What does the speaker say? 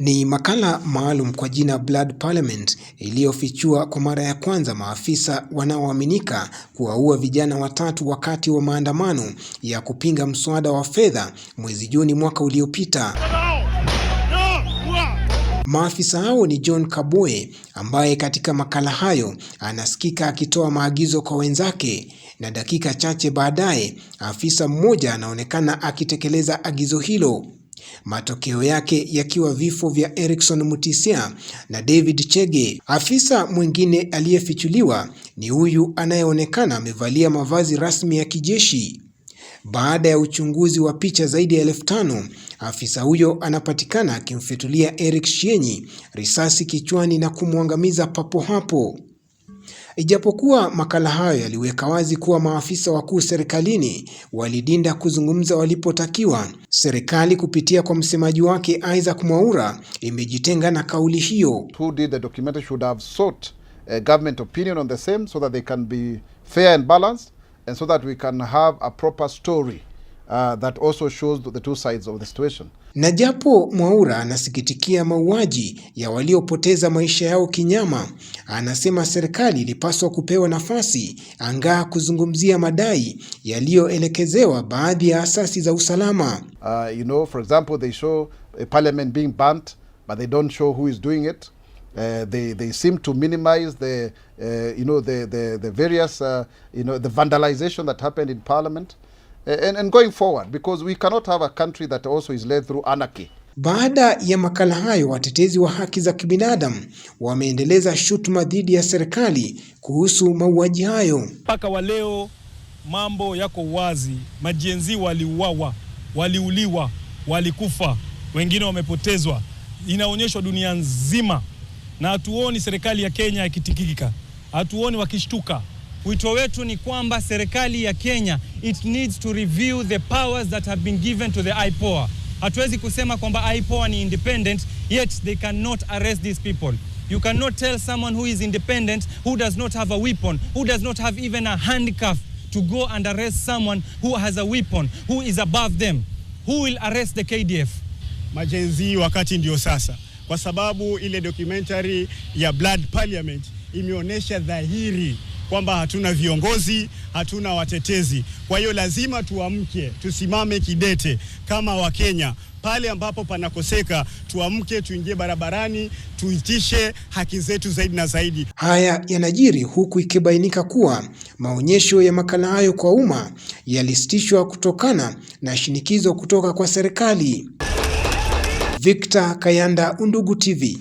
Ni makala maalum kwa jina Blood Parliament iliyofichua kwa mara ya kwanza maafisa wanaoaminika kuwaua vijana watatu wakati wa maandamano ya kupinga mswada wa fedha mwezi Juni mwaka uliopita. Maafisa hao ni John Kaboe ambaye katika makala hayo anasikika akitoa maagizo kwa wenzake, na dakika chache baadaye afisa mmoja anaonekana akitekeleza agizo hilo matokeo yake yakiwa vifo vya Erikson Mutisia na David Chege. Afisa mwingine aliyefichuliwa ni huyu anayeonekana amevalia mavazi rasmi ya kijeshi. Baada ya uchunguzi wa picha zaidi ya elfu tano afisa huyo anapatikana akimfyatulia Eric Shienyi risasi kichwani na kumwangamiza papo hapo. Ijapokuwa makala hayo yaliweka wazi kuwa maafisa wakuu serikalini walidinda kuzungumza walipotakiwa, serikali kupitia kwa msemaji wake Isaac Mwaura imejitenga na kauli hiyo. Who did the documentary should have sought a government opinion on the same so that they can be fair and balanced and so that we can have a proper story. Uh, that also shows the two sides of the situation. Na japo Mwaura anasikitikia mauaji ya waliopoteza maisha yao kinyama, anasema serikali ilipaswa kupewa nafasi angaa kuzungumzia madai yaliyoelekezewa baadhi ya asasi za usalama. Uh, you know, for example, they show a parliament being burnt, but they don't show who is doing it. Uh, they, they seem to minimize the, uh, you know, the, the, the various, uh, you know, the vandalization that happened in parliament. Eh, and, and going forward because we cannot have a country that also is led through anarchy. Baada ya makala hayo, watetezi wa haki za kibinadamu wameendeleza shutuma dhidi ya serikali kuhusu mauaji hayo. Mpaka wa leo mambo yako wazi, majenzi waliuawa, waliuliwa, walikufa, wengine wamepotezwa, inaonyeshwa dunia nzima, na hatuoni serikali ya Kenya ikitikika, hatuoni wakishtuka. Wito wetu ni kwamba serikali ya Kenya it needs to review the powers that have been given to the IPOA. Hatuwezi kusema kwamba IPOA ni independent yet they cannot arrest these people. You cannot tell someone who is independent, who does not have a weapon, who does not have even a handcuff to go and arrest someone who has a weapon, who is above them. Who will arrest the KDF? Majenzi, wakati ndio sasa, kwa sababu ile documentary ya Blood Parliament imeonyesha dhahiri kwamba hatuna viongozi, hatuna watetezi. Kwa hiyo lazima tuamke, tusimame kidete kama Wakenya pale ambapo panakoseka tuamke, tuingie barabarani, tuitishe haki zetu zaidi na zaidi. Haya yanajiri huku ikibainika kuwa maonyesho ya makala hayo kwa umma yalisitishwa kutokana na shinikizo kutoka kwa serikali. Victor Kayanda, Undugu TV.